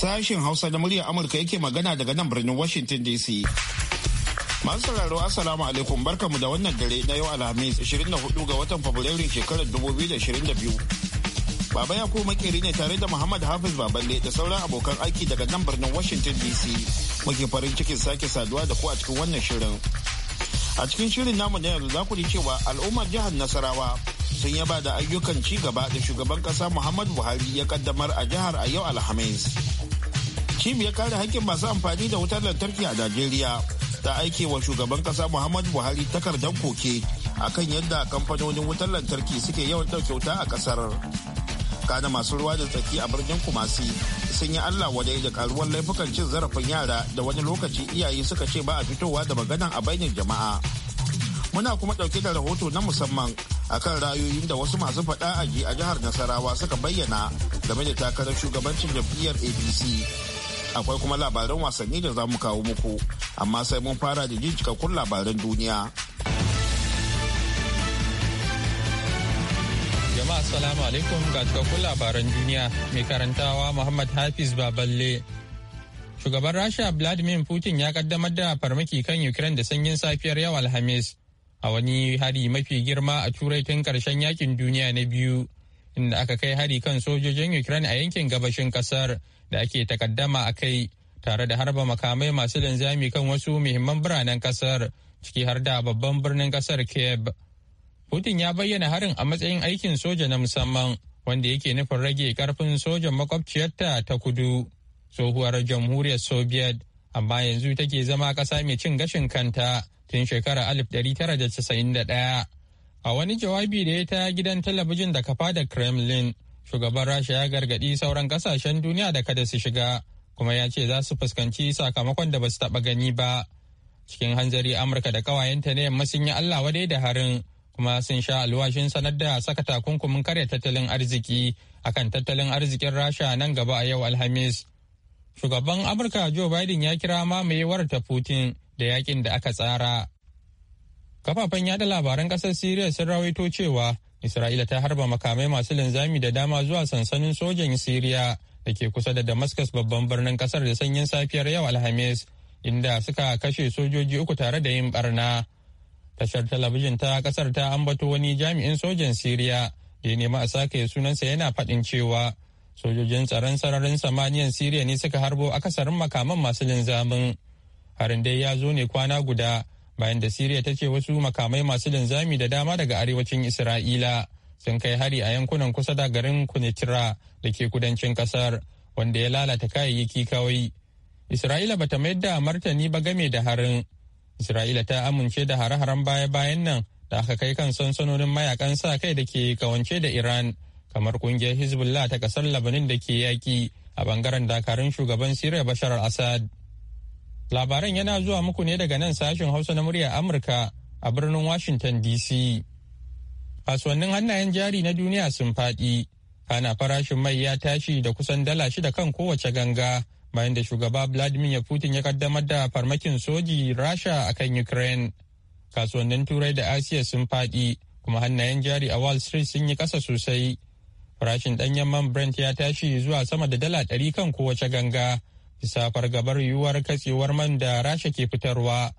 Sashen Hausa na muryar Amurka yake magana daga nan birnin Washington DC. Masu sauraro Assalamu alaikum barkamu da wannan dare na yau Alhamis 24 ga watan Fabrairu shekarar 2022. Baba ya makeri ne tare da Muhammad Hafiz Baballe da sauran abokan aiki daga nan birnin Washington DC. Muke farin cikin sake saduwa da ku a cikin wannan shirin. A cikin shirin namu na yanzu za ku ji cewa al'ummar jihar Nasarawa sun yaba da ayyukan ci gaba da shugaban kasa muhammad Buhari ya kaddamar a jihar a yau Alhamis. ya kare hakkin masu amfani da wutar lantarki a najeriya ta aike wa shugaban kasa muhammadu buhari takardar koke akan yadda kamfanonin wutar lantarki suke yawan ɗauke wuta a ƙasar kana masu ruwa da tsaki a birnin kumasi sun yi allah wadai da karuwar laifukan cin zarafin yara da wani lokaci iyaye suka ce ba a fitowa da magana a bainin jama'a muna kuma ɗauke da rahoto na musamman akan rayoyin da wasu masu faɗa aji a jihar nasarawa suka bayyana game da takarar shugabancin jam'iyyar apc akwai kuma labaran wasanni da za mu kawo muku amma sai mun fara da jin cikakkun labaran duniya jama'a assalamu alaikum ga cikakkun labaran duniya mai karantawa muhammad hafiz baballe shugaban rasha vladimir putin ya kaddamar da farmaki kan ukraine da sanyin safiyar yau alhamis a wani hari mafi girma a turai tun karshen yakin duniya na biyu inda aka kai hari kan sojojin Ukraine a yankin gabashin kasar da ake takaddama a kai tare da harba makamai masu linzami kan wasu muhimman biranen kasar ciki har da babban birnin kasar Kiev. Putin ya bayyana harin a matsayin aikin soja na musamman wanda yake nufin rage karfin sojan makwabciyarta ta kudu tsohuwar jamhuriyar Soviet amma yanzu take zama ƙasa mai cin gashin kanta tun shekarar 1991. A wani jawabi da ya ta gidan talabijin da kafa da Kremlin, shugaban Rasha ya gargaɗi sauran ƙasashen duniya da kada su shiga, kuma ya ce za su fuskanci sakamakon da ba su taɓa gani ba. Cikin hanzari Amurka da ƙawayenta ne, yamma sun yi Allah wadai da harin, kuma sun sha alwashin sanar da saka takunkumin karya tattalin arziki akan tattalin arzikin Rasha nan gaba a yau Alhamis. Shugaban Amurka Joe Biden ya kira mamayewar ta Putin da yakin da aka tsara Kafafen yada labaran ƙasar Siriya sun rawaito cewa Isra'ila ta harba makamai masu linzami da dama zuwa sansanin sojan Siriya da ke kusa da Damascus babban birnin ƙasar da sanyin safiyar yau Alhamis, inda suka kashe sojoji uku tare da yin barna. Tashar talabijin ta ƙasar ta ambato wani jami'in sojan Siriya da ya nema a sake sunansa yana faɗin cewa sojojin tsaron sararin samaniyan Siriya ne suka harbo akasarin makaman masu linzamin. Harin dai ya zo ne kwana guda bayan da Siriya ta ce wasu makamai masu linzami da dama daga arewacin Isra'ila sun kai hari a yankunan kusa da garin Kunitra da ke kudancin kasar wanda ya lalata kayayyaki kawai. Isra'ila bata mayar da martani ba game da harin. Isra'ila ta amince da hare-haren baya-bayan nan da aka kai kan sansanonin mayakan sa kai da ke kawance da Iran kamar kungiyar Hezbollah ta kasar Labanin da ke yaki a bangaren dakarun shugaban Siriya Bashar al-Assad. Labaran yana zuwa muku ne daga nan sashen Hausa na muryar Amurka a birnin Washington DC. Kasuwannin hannayen jari na duniya sun faɗi. Ana farashin mai ya tashi da kusan dala shida kan kowace ganga bayan da shugaba Vladimir Putin ya kaddamar da farmakin soji Rasha a kan Ukraine. Kasuwannin Turai da Asiya sun faɗi kuma hannayen jari a Wall Street sun yi ƙasa sosai. Farashin ɗanyen man Brent ya tashi zuwa sama da dala ɗari kan kowace ganga bisa fargabar yiwuwar katsewar man da rasha ke fitarwa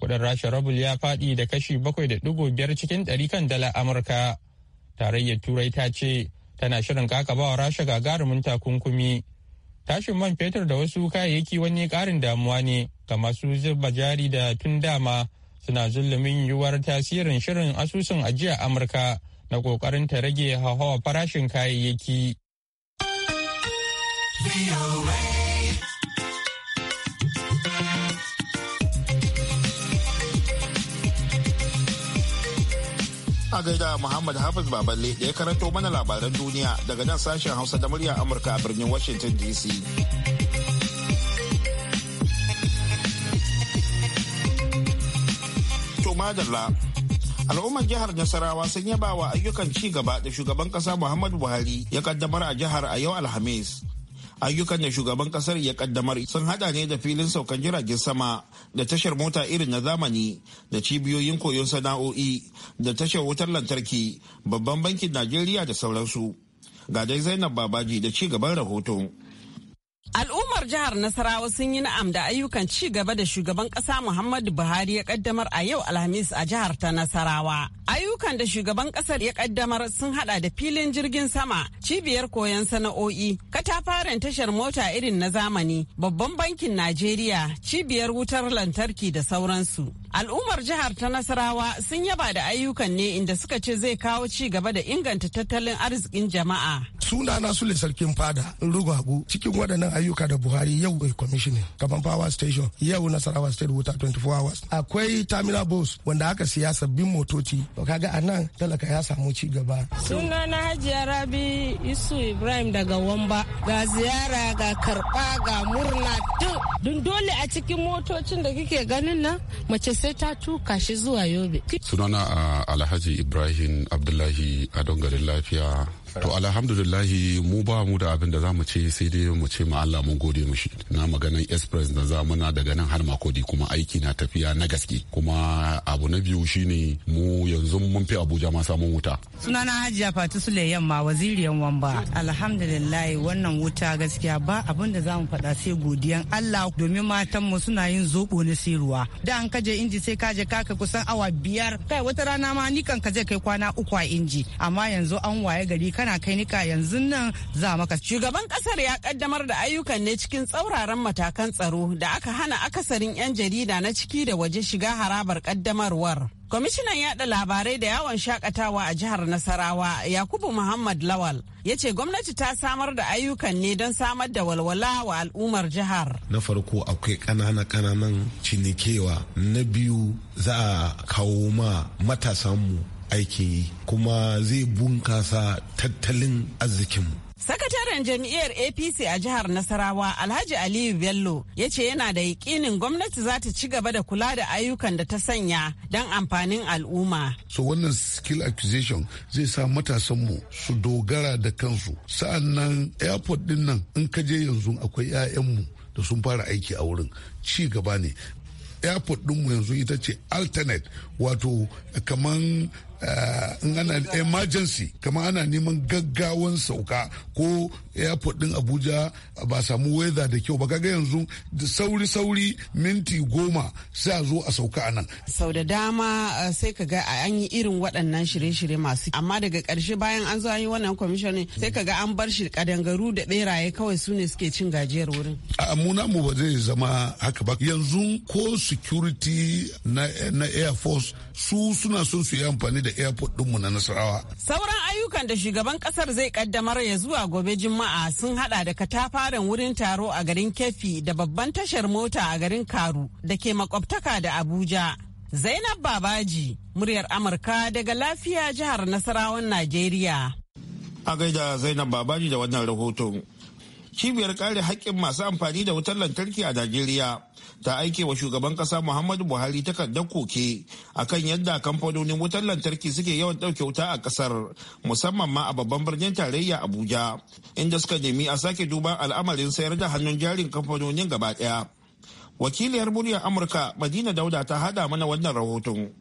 kudin rasha rubul ya faɗi da kashi bakwai da biyar cikin ɗari kan dala amurka tarayyar turai ta ce tana shirin kakabawa rasha gagarumin takunkumi tashin man fetur da wasu kayayyaki wani ƙarin damuwa ne ga masu zuba jari da tun dama suna zulumin yiwuwar tasirin shirin asusun ajiya amurka na ƙoƙarin ta rage hauhawar farashin kayayyaki. A gaida Muhammad Hafiz Baballe da ya karanto mana labaran duniya daga nan sashen Hausa da murya Amurka a birnin Washington DC. To madalla. al'ummar jihar nasarawa sun yaba wa ayyukan ci gaba da shugaban kasa muhammadu buhari ya kaddamar a jihar a yau alhamis ayyukan da shugaban kasar ya kaddamar sun hada ne da filin saukan jiragen sama da tashar mota irin na zamani da cibiyoyin koyon sana'o'i da tashar wutar lantarki babban bankin najeriya da sauransu ga dai zainab babaji da ci gaban rahoto. kasar jihar Nasarawa sun yi na'am da ayyukan ci gaba da shugaban kasa Muhammadu Buhari ya kaddamar a yau Alhamis a jihar ta Nasarawa. Ayyukan da shugaban kasar ya kaddamar sun hada da filin jirgin sama, cibiyar koyon sana'o'i, katafaren tashar mota irin na zamani, babban bankin Najeriya, cibiyar wutar lantarki da sauransu. Al'ummar jihar ta Nasarawa sun yaba da ayyukan ne inda suka ce zai kawo ci gaba da inganta tattalin arzikin jama'a. Sunana Sule Sarkin Fada Rugagu cikin waɗannan ayyuka da Buhari yau bai commissioning kamar power station yau Nasarawa state water 24 hours. Akwai terminal bus wanda aka siya sabbin motoci. To kaga a nan talaka ya samu ci gaba. Sunana Hajiya Rabi Isu Ibrahim daga Wamba. Ga ziyara ga karɓa ga murna duk. Dun dole a cikin motocin da kike ganin nan mace sai ta tuka shi zuwa yobe sunana uh, alhaji ibrahim abdullahi a garin lafiya to alhamdulillahi mu ba mu da abin da za mu ce sai dai mu ce ma Allah mun gode mushi na maganan express na zamuna daga nan har makodi kuma aiki na tafiya na gaske kuma abu na biyu shine mu yanzu mun fi Abuja ma samun wuta sunana Hajiya Fatu Sule yamma waziriyan wamba alhamdulillahi wannan wuta gaskiya ba abin da za mu faɗa sai godiyan Allah domin matan mu suna yin zobo na ruwa da an kaje inji sai kaje kaka kusan awa biyar kai wata rana ma ni kan ka kai kwana uku a inji amma yanzu an waye gari kana kai nika yanzu nan za maka. Shugaban kasar ya kaddamar da ayyukan ne cikin tsauraran matakan tsaro da aka hana akasarin 'yan jarida na ciki da waje shiga harabar kaddamarwar. Kwamishinan yada labarai da yawon shakatawa a jihar Nasarawa Yakubu Muhammad Lawal ya ce gwamnati ta samar da ayyukan ne don samar da walwala wa al'ummar jihar. Na farko akwai kanana ƙananan cinikewa na biyu za a kawo ma matasanmu aikin yi kuma zai bunkasa tattalin arzikinmu. Sakataren jam'iyyar APC a jihar Nasarawa Alhaji Aliyu Bello ya ce yana da yakinin gwamnati za ta ci gaba da kula da ayyukan da ta sanya don amfanin al'umma. So wannan skill acquisition zai sa matasanmu su dogara da kansu. Sa'an nan airport din nan in ka je yanzu akwai 'ya'yanmu da sun fara aiki a wurin ci gaba ne airport ɗinmu yanzu ita ce alternate wato kaman uh, emergency kama ana neman gaggawan sauka ko airport din abuja ba samu weather da kyau ba kaga yanzu sauri sauri minti goma sai a zo a sauka a nan sau da dama eh, sai ka ga an yi irin waɗannan shirye-shirye masu amma daga ƙarshe bayan an zo an yi wannan commissioning sai ka ga an bar shi kadangaru da ɓeraye kawai su ne suke cin gajiyar wurin a mu ba zai zama haka ba yanzu ko security na, na air force su suna son su yi amfani da airport dinmu na Nasarawa. Sauran ayyukan da shugaban ƙasar zai ƙaddamar ya zuwa gobe Juma'a sun haɗa da katafaren wurin taro a garin Kefi da babban tashar mota a garin Karu da ke makwabtaka da Abuja. Zainab Babaji, muryar Amurka daga lafiya jihar Nasarawan Najeriya. A gaida Zainab Babaji da wannan rahoton. cibiyar kare haƙƙin masu amfani da wutar lantarki a najeriya ta aike wa shugaban ƙasa muhammadu buhari takardar koke akan yadda kamfanonin wutar lantarki suke yawan ɗauke wuta a ƙasar musamman ma a babban birnin tarayya abuja inda suka nemi a sake duba al'amarin sayar da hannun jarin kamfanonin gaba ɗaya wakiliyar muryar amurka madina dauda ta hada mana wannan rahoton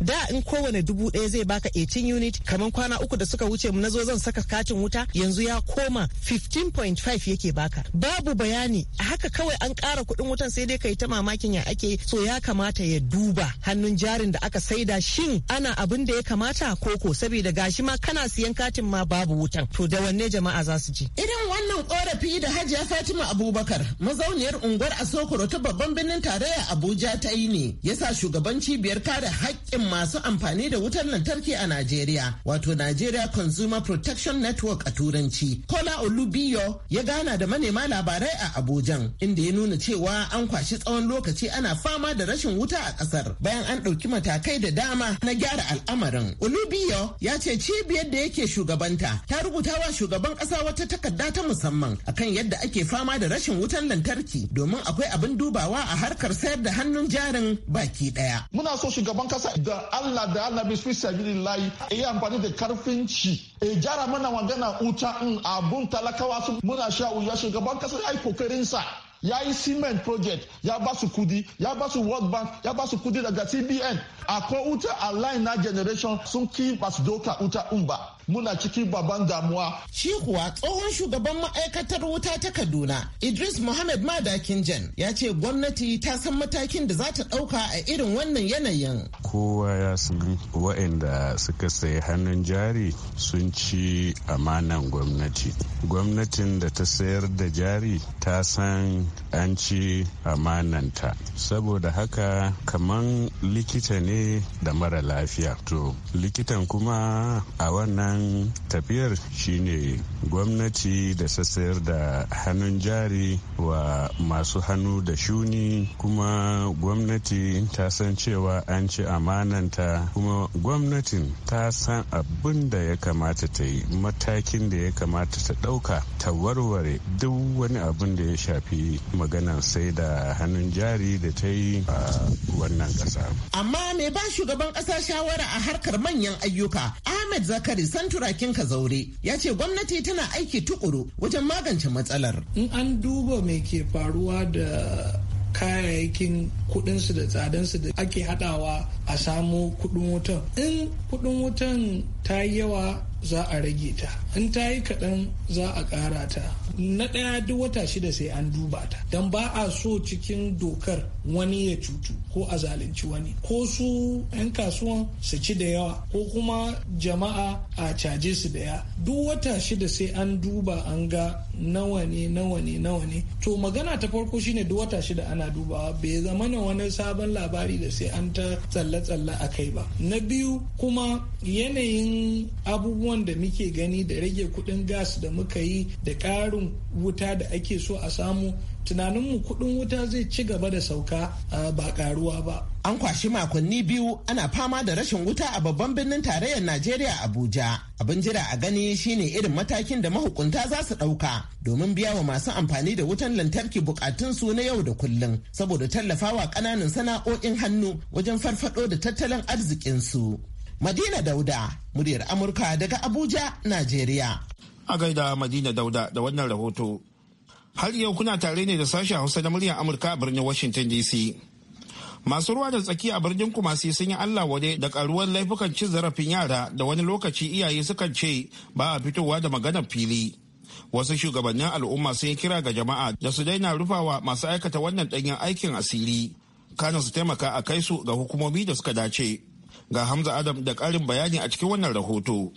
da in kowane dubu ɗaya zai baka 18 unit kamar kwana uku da suka wuce na zo zan saka katin wuta yanzu ya koma 15.5 yake baka babu bayani a haka kawai an kara kuɗin wutan sai dai kai ta mamakin ya ake so ya kamata ya duba hannun jarin da aka saida shin ana abin da ya kamata koko saboda gashi ma kana siyan katin ma babu wutan to da wanne jama'a za su ji irin wannan korafi da hajiya fatima abubakar mazauniyar unguwar asokoro ta babban birnin tarayya abuja ta yi ne yasa shugaban cibiyar kare haƙƙin masu amfani da wutar lantarki a Najeriya, wato Nigeria Consumer Protection Network a Turanci. Kola Olubiyo ya gana da manema labarai a Abujan, inda ya nuna cewa an kwashi tsawon lokaci ana fama da rashin wuta a ƙasar bayan an ɗauki matakai da dama na gyara al'amarin. Olubiyo ya ce cibiyar da yake shugabanta ta rubuta wa shugaban ƙasa wata takarda ta musamman akan yadda ake fama da rashin wutan lantarki domin akwai abin dubawa a harkar sayar da hannun jarin baki ɗaya. Muna so shugaban ƙasa da Allah da annabi su sabilillahi yi amfani da karfin ci e jara mana magana wuta in abun talakawa su muna sha wuya shugaban kasa ya yi kokarin sa ya yi cement project ya ba su kudi ya ba su world bank ya ba su kudi daga cbn akwai wuta a line na generation sun ki ba su doka wuta in ba muna cikin baban damuwa. Shi kuwa tsohon shugaban ma'aikatar wuta ta Kaduna Idris Muhammad Madakin Jan ya ce gwamnati ta san matakin da za ta ɗauka a irin wannan yanayin. Kowa ya san waɗanda suka sayi hannun jari sun ci amanan gwamnati. Gwamnatin da ta sayar da jari ta san an ci amananta. Saboda haka kaman likita ne da mara lafiya. To likitan kuma a wannan wannan tafiyar shine gwamnati da sassayar da hannun jari wa masu hannu da shuni kuma gwamnati ta san cewa an ci amananta kuma gwamnatin ta san abin da ya kamata ta yi matakin da ya kamata ta ɗauka ta warware duk wani abin da ya shafi maganar sai da hannun jari da ta yi a wannan ƙasa. amma mai ba shugaban ƙasa shawara a harkar manyan ayyuka ahmed zakari Hassan Turakin zaure ya ce gwamnati tana aiki tukuru wajen magance matsalar. In an duba mai ke faruwa da kayayyakin kudinsu da tsadansu da ake hadawa a samu kudin wutan in kudin wutan ta yawa za a rage ta in ta yi kaɗan za a ƙara ta na ɗaya duk wata shida sai an duba ta don ba a so cikin dokar wani ya cutu ko a zalunci wani ko su 'yan kasuwan su ci da yawa ko kuma jama'a a caje su da yawa duk wata shida sai an duba an ga nawa ne nawa ne nawa ne to magana ta farko shine duk wata shida ana dubawa bai zama na wani sabon labari da sai an ta tsalle-tsalle a kai ba na biyu kuma yanayin abubuwan abubuwan da muke gani da rage kudin gas da muka yi da karin wuta da ake so a samu tunaninmu kudin wuta zai ci gaba da sauka ba karuwa ba. An kwashi makonni biyu ana fama da rashin wuta a babban birnin tarayyar Najeriya Abuja. Abin jira a gani shine irin matakin da mahukunta za su ɗauka domin biya wa masu amfani da wutan lantarki bukatunsu na yau da kullum saboda tallafawa ƙananan sana'o'in hannu wajen farfado da tattalin arzikinsu. Madina Dauda, muryar Amurka daga Abuja, Najeriya. A gaida Madina Dauda da wannan rahoto. Har yau kuna tare ne da sashen Hausa na muryar Amurka a birnin Washington DC. Masu ruwa da tsaki a birnin Kumasi sun yi Allah wade da karuwar laifukan cin zarafin yara da wani lokaci iyaye sukan ce ba a fitowa da maganar fili. Wasu shugabannin al'umma sun yi kira ga jama'a da su daina rufawa masu aikata wannan ɗanyen aikin asiri. Kana su taimaka a kai su ga hukumomi da suka dace. Ga Hamza Adam da ƙarin bayani a cikin wannan rahoto.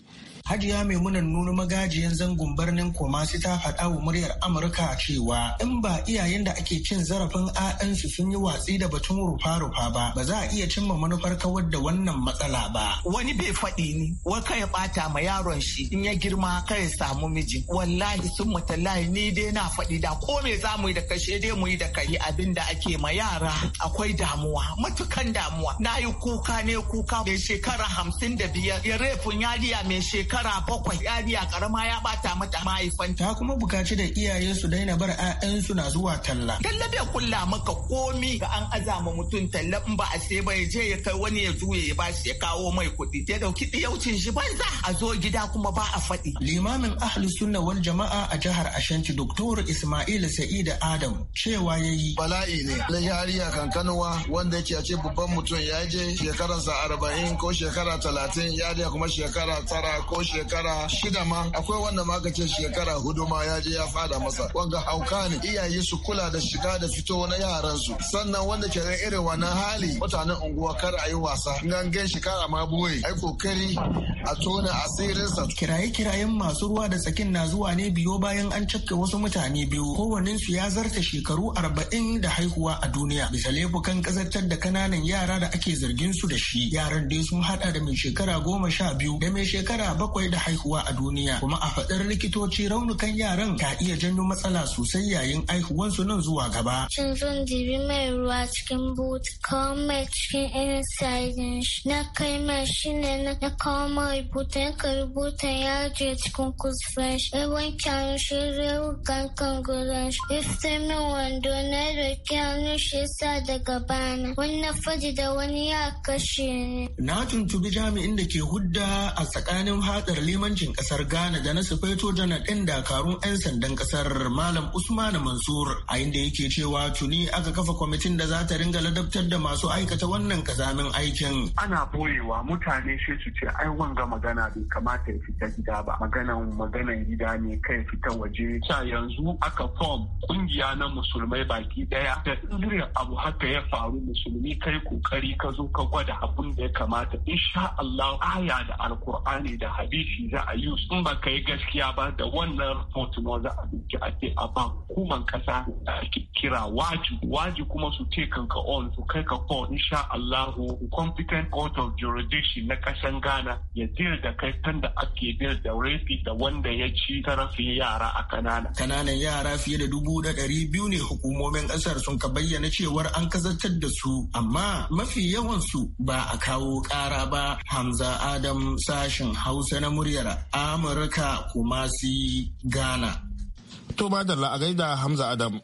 Hajiya Maimunan nuna magajiyan zangon birnin Kumasi ta faɗa wa muryar Amurka cewa in ba iyayen da ake cin zarafin 'ya'yansu sun yi watsi da batun rufa-rufa ba, ba za a iya cimma manufar kawar da wannan matsala ba. Wani bai faɗi ni, wa ka ya bata ma yaron shi in ya girma ka ya samu miji. Wallahi sun mutallahi ni dai na faɗi da ko me za mu yi da kashe dai mu yi da kai abin da ake ma yara akwai damuwa, matukan damuwa. Na yi kuka ne kuka mai shekara hamsin da biyar, ya refin yadiya mai shekara shekara bakwai yariya karama ya bata mata mahaifan ta kuma bukaci da iyaye su daina bar su na zuwa talla talla bai kulla maka komi ga an azama mutum talla in ba a sai ba ya je ya kai wani ya juye ya bashi ya kawo mai kuɗi ya dauki ɗiyaucin shi banza a zo gida kuma ba a faɗi limamin ahli sunna wal jama'a a jihar ashanti doktor ismail sa'id adam cewa yayi bala'i ne na yariya kankanuwa wanda yake a ce babban mutum ya je shekararsa arba'in ko shekara talatin yariya kuma shekara tara ko ko shekara shida ma akwai wanda ma shekara hudu ma ya je ya fada masa wanga hauka ne iyaye su kula da shiga da fito na yaran su sannan wanda ke ga irin wannan hali mutanen unguwa kar a yi wasa gangan shekara ma boye ai kokari a tona asirin sa. kiraye-kirayen masu ruwa da tsakin na zuwa ne biyo bayan an cafke wasu mutane biyu su ya zarta shekaru arba'in da haihuwa a duniya bisa laifukan kazartar da kananan yara da ake zargin su da shi yaran dai sun hada da mai shekara goma sha biyu da mai shekara bakwai bakwai da haihuwa a duniya kuma a faɗar likitoci raunukan yaran ka iya janyo matsala sosai yayin aihuwansu nan zuwa gaba. Shin zan dibi mai ruwa cikin boot kawo mai cikin inside na kai mai shi ne na kawo mai buta ya kai buta ya je cikin kusfren shi ya wanke shi rewu gankan gudan shi ya min wando na roƙi hannun shi sa daga bana wannan faji da wani ya kashe ni. Na tuntubi jami'in da ke hudda a tsakanin fadar limancin kasar Ghana da na sufeto janar ɗin dakarun 'yan sandan kasar Malam Usman Mansur a inda yake cewa tuni aka kafa kwamitin da za ta ringa ladabtar da masu aikata wannan kazamin aikin. Ana boyewa mutane shi su ce ai wanga magana bai kamata ya fita gida ba. Maganan maganan gida ne kai fita waje. Sa yanzu aka fom kungiya na musulmai baki daya da irin abu haka ya faru musulmi kai kokari ka zo ka gwada abun da ya kamata. Insha Allah aya da alkur'ani da hadisi bc za a yi in ba ka yi gaskiya ba da wannan report ma za a duki a ce a ba hukuman kasa da ake kira waji waji kuma su ce kanka on su kai ka ko insha allahu competent court of jurisdiction na kasan ghana ya deal da kai tanda da ake deal da rafi da wanda ya ci tarafin yara a kanana kananan yara fiye da dubu da ɗari biyu ne hukumomin ƙasar sun ka bayyana cewar an kazartar da su amma mafi yawan su ba a kawo ƙara ba hamza adam sashen hausa na muryar Amurka kuma si Ghana. To madalla a Hamza Adam.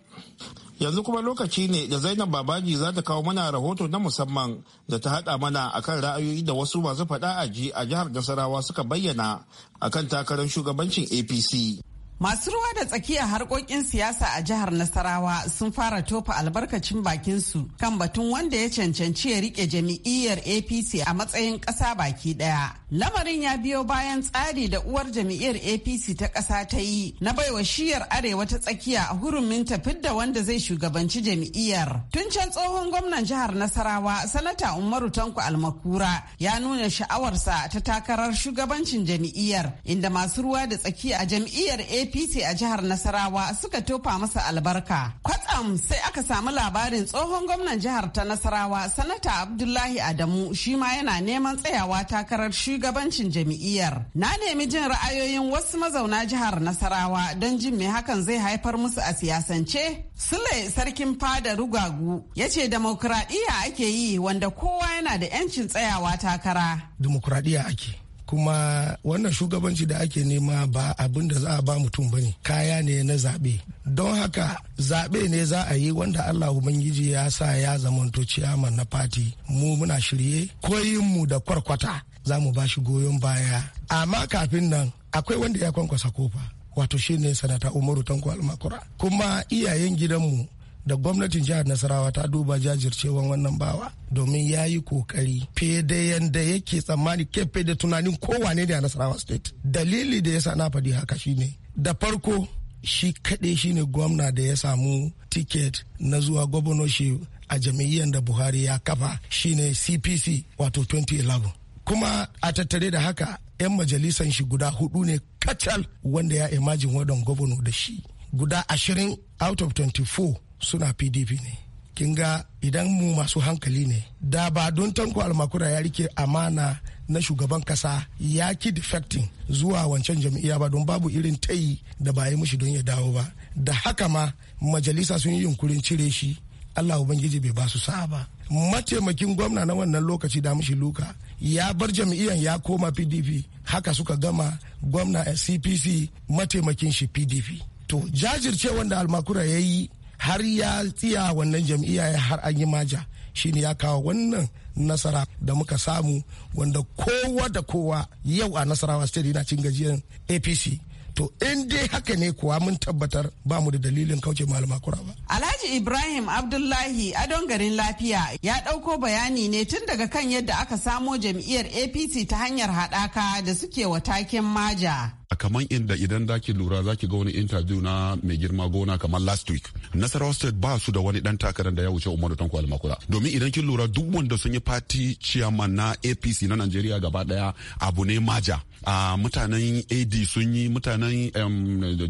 Yanzu kuma lokaci ne da Zainab Babaji za ta kawo mana rahoto na musamman da ta haɗa mana akan ra'ayoyi da wasu masu faɗa a a jihar Nasarawa suka bayyana akan takarar shugabancin APC. Masu ruwa da tsakiya harkokin siyasa a jihar Nasarawa sun fara tofa albarkacin bakinsu kan batun wanda ya cancanci ya rike jami'iyyar APC a matsayin ƙasa baki ɗaya. Lamarin ya biyo bayan tsari da uwar jami'iyyar APC ta ƙasa ta yi na baiwa shiyar arewa ta tsakiya a hurumin tafid da wanda zai shugabanci jami'iyyar. Tun can tsohon gwamnan jihar Nasarawa, Sanata Umaru Tanko Almakura ya nuna sha'awarsa ta takarar shugabancin jami'iyyar inda masu ruwa da tsakiya a jami'iyyar APC APC a jihar Nasarawa suka tofa masa albarka. Kwatsam sai aka samu labarin tsohon gwamnan jihar ta Nasarawa, Sanata Abdullahi Adamu shi ma yana neman tsayawa takarar shugabancin jami'iyyar. Na nemi jin ra'ayoyin wasu mazauna jihar Nasarawa don jin me hakan zai haifar musu a siyasance. Sule sarkin fada rugagu ya ce demokuraɗiyya ake yi wanda kowa yana da 'yancin tsayawa takara. Demokuraɗiyya ake. kuma wannan shugabanci da ake nema ba abin da za a ba mutum ba ne kaya ne na zaɓe don haka zaɓe ne za a yi wanda allah ubangiji ya sa ya zamanto ciyaman na fati mu muna shirye koyinmu da kwarkwata za mu ba shi goyon baya amma kafin nan akwai wanda ya kwankwasa kofa wato shine sanata umaru tanko almakura kuma iyayen gidanmu da gwamnatin jihar nasarawa ta duba jajircewan wannan bawa domin ya yi kokari fede da yake tsammani kefe da tunanin kowane da nasarawa state dalili da ya sa na faɗi haka shine da farko shi kaɗai shine gwamna da ya samu tiket na zuwa gwamnoshi a jam'iyyar da buhari ya kafa shine cpc wato 2011 kuma a tattare da haka 'yan majalisan shi guda hudu ne kacal wanda ya imajin waɗon gwamna da shi guda ashirin out of 24 suna pdp ne kin ga idan mu masu hankali ne da ba don tanko almakura ya rike amana na shugaban kasa ya ki defecting zuwa wancan jam'iyya ba don babu irin tayi da ba yi mushi don ya dawo ba da haka ma majalisa sun yi yunkurin cire shi allah ubangiji bai ba su sa'a ba mataimakin gwamna na wannan lokaci da mushi luka ya bar jam'iyyan ya koma pdp haka suka gama gwamna cpc eh, mataimakin shi pdp to jajirce wanda almakura ya yi har ya tsiya wannan jam'iyya har an yi maja shine ya kawo wannan nasara da muka samu wanda kowa da kowa yau a nasarawa state yana cin gajiyar apc to in dai haka ne kuwa mun tabbatar ba mu da dalilin kauce malama kura ba. Alhaji Ibrahim Abdullahi adon garin lafiya ya dauko bayani ne tun daga kan yadda aka samo jam'iyyar APC ta hanyar hadaka da suke wa taken maja. a kaman inda idan zaki lura za ki ga wani interview na mai girma gona kamar last week nasarawa state ba su da wani dan takarar da ya wuce umaru tanko almakura domin idan kin lura duk wanda sun yi party chairman na apc na nigeria gaba daya abu ne maja a mutanen ad sun yi mutanen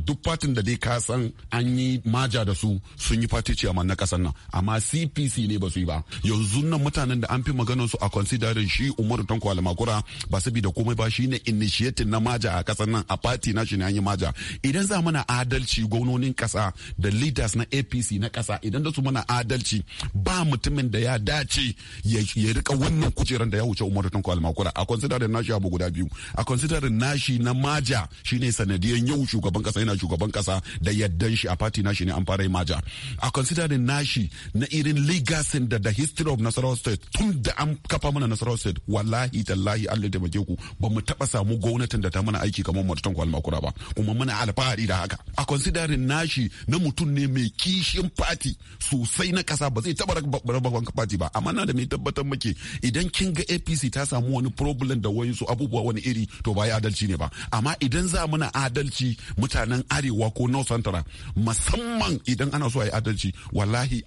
duk fatin da dai ka san an yi maja da su sun yi party chairman na kasan nan amma cpc ne ba su yi ba yanzu nan mutanen da an fi maganar su a considering shi umaru tanko almakura ba da komai ba shi ne initiative na maja a kasan nan a party na shi ne an yi maja idan za mana adalci gwamnonin kasa da leaders na apc na kasa idan da su mana adalci ba mutumin da ya dace ya rika wannan kujeran da ya wuce umaru kwalmakura almakura a consider nashi abu guda biyu a consider nashi na maja shine sanadiyan yau shugaban kasa yana shugaban kasa da yaddan shi a party nashi ne an fara yi maja a consider nashi na irin legacy da the history of nasarawa state tun da an kafa mana nasarawa state wallahi tallahi allah taimake ku ba mu taba samu gwamnatin da ta mana aiki kamar mu Alhaji kwalma kura ba kuma muna alfahari da haka a considering nashi na mutum ne mai kishin fati sosai na kasa ba zai taba rabakon fati ba amma na da mai tabbatar muke idan kin ga APC ta samu wani problem da wayansu abubuwa wani iri to ba ya adalci ne ba amma idan za muna adalci mutanen arewa ko North Central musamman idan ana so a yi adalci wallahi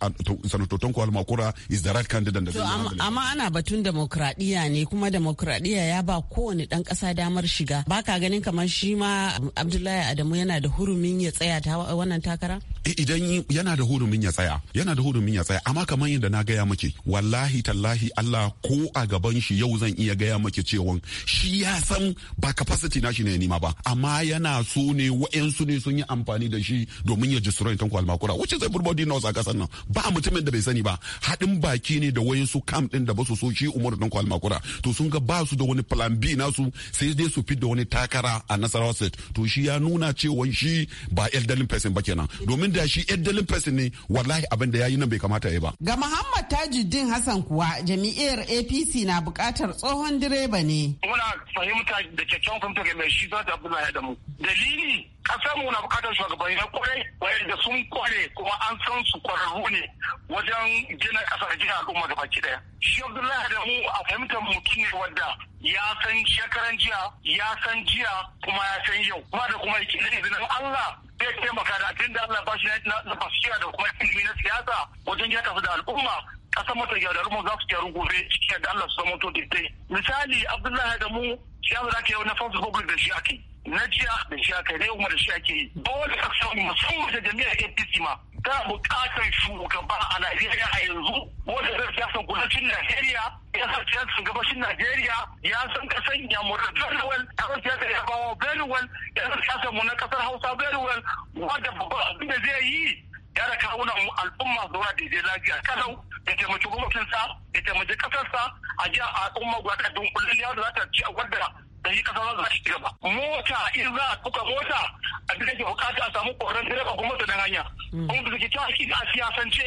Sanato kwalma kura is the right candidate da amma ana batun demokradiya ne kuma demokradiya ya ba kowane dan kasa damar shiga baka ganin kamar shi ma abdullahi adamu yana da hurumin ya tsaya ta wannan takara idan yana da hurumin ya tsaya yana da hurumin ya tsaya amma kamar yadda na gaya maki wallahi tallahi allah ko a gaban shi yau zan iya gaya maki cewa shi ya san ba capacity na shi ne nima ba amma yana so ne wa'yansu ne sun yi amfani da shi domin ya jisurai tanku almakura wuce zai burbodi na a kasar nan ba mutumin da bai sani ba haɗin baki ne da wayansu camp ɗin da ba su so shi umaru tanku almakura to sun ga ba su da wani plan b nasu sai dai su fi da wani takara a nasarawa state to shi ya nuna cewa shi ba elderly person ba kenan domin da shi elderly person ne wallahi abin da yayi nan bai kamata ya ba ga muhammad tajuddin hassan kuwa jami'ar apc na bukatar tsohon direba ne muna fahimta da kyakkyawan fahimta ga mai shi za ta abdullahi da mu dalili kasar mu na bukatar shugabanni na kwarai wayanda sun kware kuma an san su kwararru ne wajen gina kasar jiya al'umma da baki daya shi abdullahi da mu a fahimtar mutum ne wanda ya san shekaran jiya ya san jiya kuma ya san yau kuma da kuma izinin Allah zai taimaka da abin da Allah ba shi na basira da kuma ilimi na siyasa wajen ya tafi da al'umma kasan mata gyara da za su gyaru gobe cikin da Allah su zama to dai misali Abdullahi da mu shi da ta yau na fasu Public da shi ake na jiya da shi aka ne kuma da shi ake yi dole ka samu musamman da jami'ar apc ma tana buƙatar shugaba a najeriya a yanzu wanda zai siyasan kudancin najeriya ya san siyasan gabashin najeriya ya san kasan yamurar very well ya san siyasan yabawa very well ya san siyasan mu na kasar hausa very well wanda babban abin da zai yi ya da kawo na al'umma zauna daidai lafiya kalau ya taimaki gwamnatinsa ya taimaki kasarsa a ji al'umma guda ta dunkulin yadda za ta ci a wadda da shi kasa za ta ci mota in za a tuka mota a bisa ke bukata a samu koran direba kuma mm. ta hanya kuma da ta a siyasance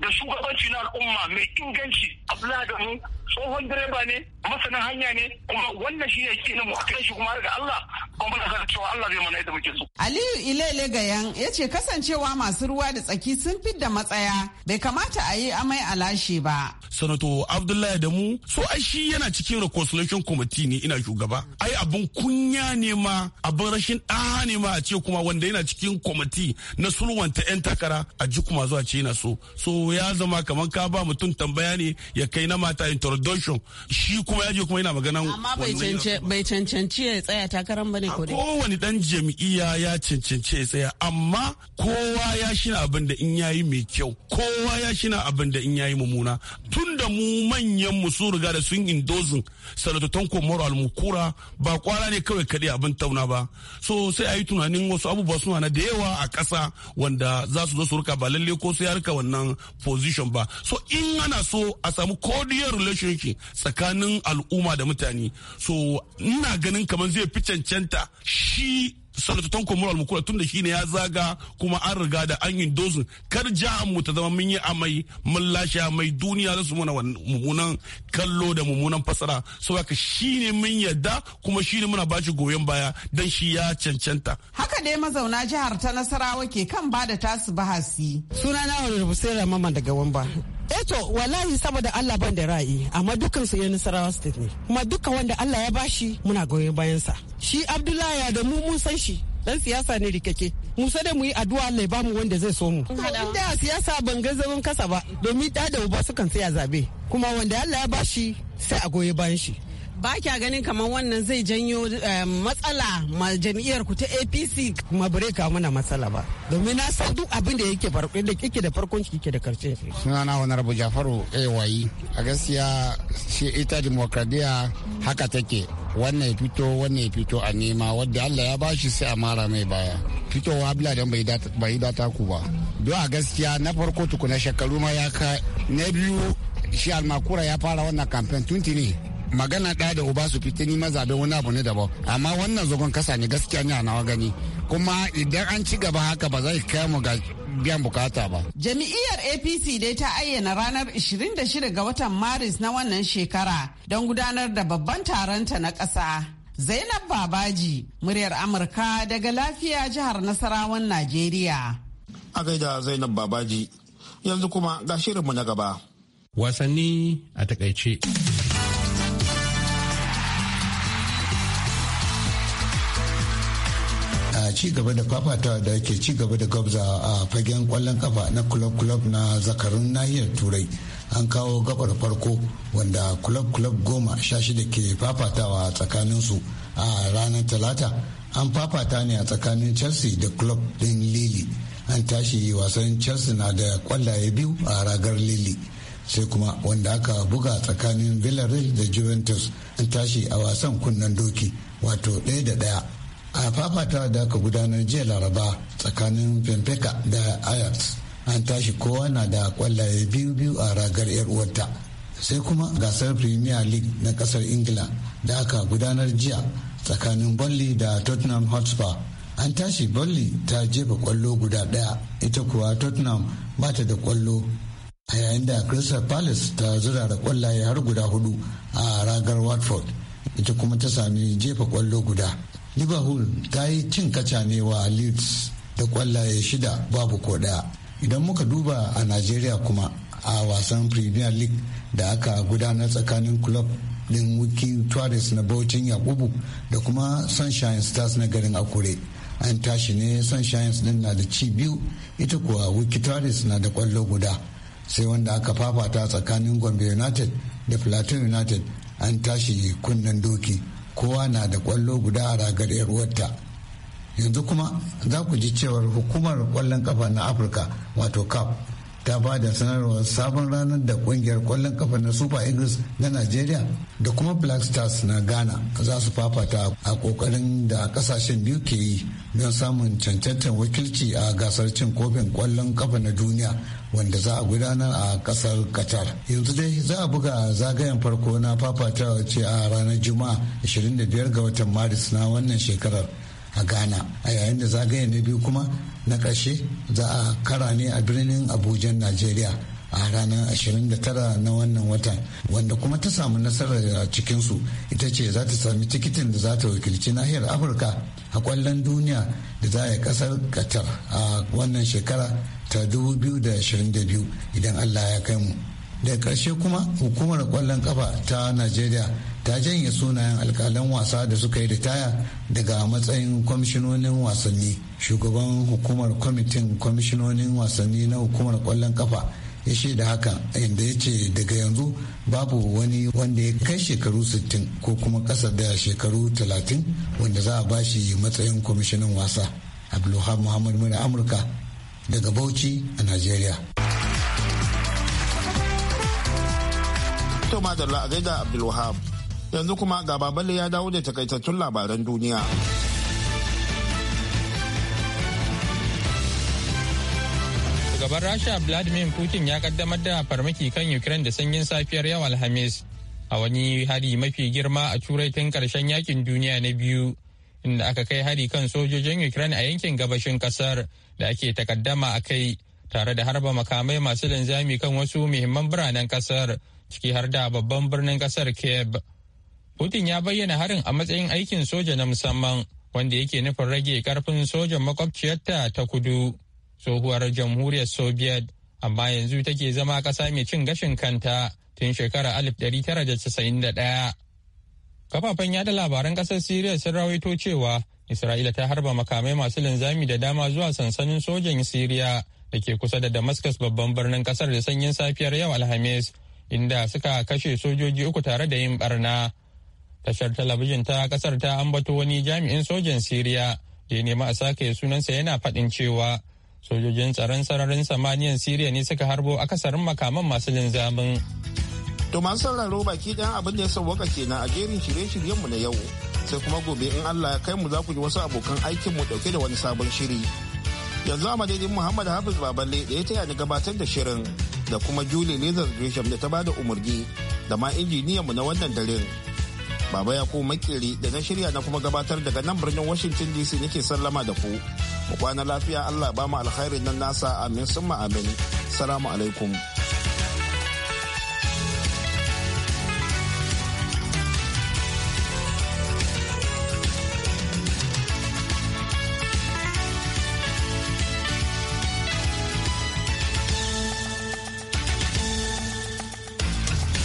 da shugabanci na al'umma mai inganci abdullahi adamu tsohon direba ne masanin hanya ne kuma wannan shi ne nan mu kai shi kuma daga Allah kuma muna san cewa Allah zai mana yadda muke so Aliyu Ilele Gayan ya ce kasancewa masu ruwa da tsaki sun fidda matsaya bai kamata a yi amai a lashe ba Sanato Abdullahi mu so ai shi yana cikin reconciliation committee ne ina shugaba ai abun kunya ne ma abun rashin ɗaha ne ma a ce kuma wanda yana cikin committee na sulwanta 'yan takara a ji kuma zuwa ce yana so so ya zama kamar ka ba mutum tambaya ne ya kai na mata introduction shi kuma ya je kuma yana magana amma bai cancanci ya tsaya takarar bane ko dai kowani dan jami'a ya cancanci ya tsaya amma kowa ya shina abin da in yayi mai kyau kowa ya shina abin da in yayi mummuna tun mu manyan mu sun riga da sun indozin sanatotan komoro almukura ba kwara ne kawai kadai abin tauna ba so sai ayi tunanin wasu abubuwa suna na da yawa a ƙasa wanda za su zo su rika ba lalle ko su ya rika wannan position ba so in ana so a samu cordial relationship tsakanin al'umma da mutane so ina ganin kamar zai fi cancanta shi sanata tanko mural mukula tun da shi ne ya zaga kuma an riga da an yi dozin kar jihar mu ta zama mun yi amai mun lashe amai duniya za su mana mummunan kallo da mummunan fasara saboda shi ne mun yadda kuma shi ne muna bashi goyon baya dan shi ya cancanta haka dai mazauna jihar ta nasarawa ke kan ba da tasu bahasi sunana Hussein mamman daga Wamba eto eh to wallahi saboda Allah ban da ra'ayi amma dukkan su yan Nasarawa state ne kuma dukkan wanda Allah ya bashi muna goyon bayan sa shi Abdullahi da mu mun san shi dan siyasa ne rikake mu sai mu yi addu'a Allah ya bamu wanda zai so mu inda a siyasa ban ga zaman kasa ba domin da da uba sukan sai a zabe kuma wanda Allah ya bashi sai a goyon bayan shi ba kya ganin kamar wannan zai janyo eh, matsala ma jam'iyyar ku ta apc kuma bare ka mana matsala ba domin na san duk abin da yake farko da kike da farkon ki kike da karshe sunana honorable jafaru ayi a gaskiya shi ita demokradiya haka take wannan ya fito wannan fito a nema wadda allah ya bashi sai a mara mai baya fitowa dan bai yi data ku ba don a gaskiya na farko tukuna shekaru ma ya ka na biyu shi almakura ya fara wannan kamfen tuntuni magana ɗaya da uba su fita maza mazabe wani abu ne daban amma wannan zagon kasa ne gaskiya a nawa gani kuma idan an ci gaba haka ba zai kai mu ga biyan bukata ba. Jami'iyyar APC dai ta ayyana ranar 26 ga watan Maris na wannan shekara don gudanar da babban taronta na ƙasa. Zainab Babaji, muryar Amurka daga lafiya jihar Nasarawan Najeriya. A gaida Zainab Babaji, yanzu kuma ga shirinmu na gaba. Wasanni a takaice. ci gaba da fafatawa da ake ci gaba da gabza a fagen kwallon kafa na club club na zakarun nahiyar turai an kawo gabar farko wanda club club goma sha shida ke fafatawa tsakaninsu a ranar talata an fafata ne a tsakanin chelsea da club din lili an tashi wasan chelsea na da kwallaye biyu a ragar lili sai kuma wanda aka buga tsakanin villarreal da juventus an tashi a wasan kunnen doki wato ɗaya da ɗaya a fafata da aka gudanar jiya laraba tsakanin benfica da ajax an tashi kowa na da kwallaye biyu biyu a ragar yar uwarta sai kuma gasar premier league na kasar ingila da aka gudanar jiya tsakanin bolly da tottenham hotspur an tashi bolly ta jefa kwallo guda daya ita kuwa tottenham ba ta da kwallo a yayin da crystal palace ta zura da kwallaye har guda hudu a ragar watford ita kuma ta sami jefa kwallo guda liverpool ta yi cin kaca ne wa leeds da kwallaye shida babu ko daya idan muka duba a najeriya kuma a wasan premier league da aka gudanar tsakanin club din wiki na bautin yakubu da kuma sunshine stars na garin akure an tashi ne sunshine din na da ci biyu ita kuwa wiki na da kwallo guda sai wanda aka fafata tsakanin gombe united da plateau united an tashi kunnen doki kowa na da kwallo guda a ragar 'yar yarwarta yanzu kuma za ku ji cewar hukumar kwallon kafa na afirka wato cap ta ba da sanarwar sabon ranar da kungiyar kwallon kafa na super eagles na nigeria da kuma black stars na ghana za su fafata a kokarin da kasashen biyu ke yi don samun cancantar wakilci a gasar cin kofin kwallon kafa na duniya wanda za a gudanar a kasar qatar yanzu dai za a buga zagayen farko na fafatawa ce a ranar juma'a 25 ga watan maris na wannan shekarar a ghana a yayin da zagaye na biyu kuma na ƙarshe za a kara ne a birnin abuja najeriya a ranar 29 na wannan watan wanda kuma ta samu nasarar a cikinsu ita ce za ta sami tikitin da za ta wakilci nahiyar afirka a kwallon duniya da za a yi kasar qatar a wannan shekara ta 2022 idan allah ya kai mu daga ƙarshe kuma hukumar kwallon kafa ta najeriya ta janye sunayen alkalan wasa da suka yi ritaya daga matsayin kwamishinonin wasanni shugaban hukumar kwamitin kwamishinonin wasanni na hukumar kwallon kafa ya shaida haka inda ya ce daga yanzu babu wani wanda ya kai shekaru 60 ko kuma kasa da shekaru 30 wanda za a ba shi matsayin kwamishinan wasa abdulhamid muhammad mura amurka daga bauchi a nigeria to madalla a gaida abdulwahab yanzu kuma ga babale ya dawo da takaitattun labaran duniya gaban rasha vladimir putin ya kaddamar da farmaki kan ukraine da sanyin safiyar yau alhamis a wani hari mafi girma a turai tun karshen yakin duniya na biyu inda aka kai hari kan sojojin ukraine a yankin gabashin kasar da ake takaddama a kai tare da harba makamai masu linzami kan wasu muhimman biranen kasar ciki har da babban birnin kasar kiev Putin ya bayyana harin a matsayin aikin soja na musamman wanda yake nufin rage karfin sojan makwabciyarta ta kudu. Tsohuwar jamhuriyar Soviet amma yanzu take zama ƙasa mai cin gashin kanta tun shekarar 1991. Kafafen yada labaran ƙasar Siriya sun rawaito cewa Isra'ila ta harba makamai masu linzami da dama zuwa sansanin sojan Siriya da ke kusa da Damascus babban birnin ƙasar da sanyin safiyar yau Alhamis inda suka kashe sojoji uku tare da yin barna. Tashar talabijin ta kasar ta ambato wani jami'in sojan Siriya da ya nema a sake sunansa yana faɗin cewa sojojin tsaron sararin samaniyan Siriya ne suka harbo akasarin makaman masu linzamin. To masu sauraro baki ɗan abin da ya sauwaka kenan a jerin shirye-shiryenmu na yau. Sai kuma gobe in Allah ya kai mu za ku ji wasu abokan aikin mu ɗauke da wani sabon shiri. Yanzu a madadin Muhammad Hafiz Baballe da ya taya ni gabatar da shirin da kuma Julie Lizard Gresham da ta bada umarni da ma injiniyan mu na wannan daren. Baba Yakubu Makeri da na shirya na kuma gabatar daga nan birnin Washington DC nake sallama da ku. Mu kwana lafiya Allah ba mu alkhairin nan nasa amin summa amin. Salamu alaikum.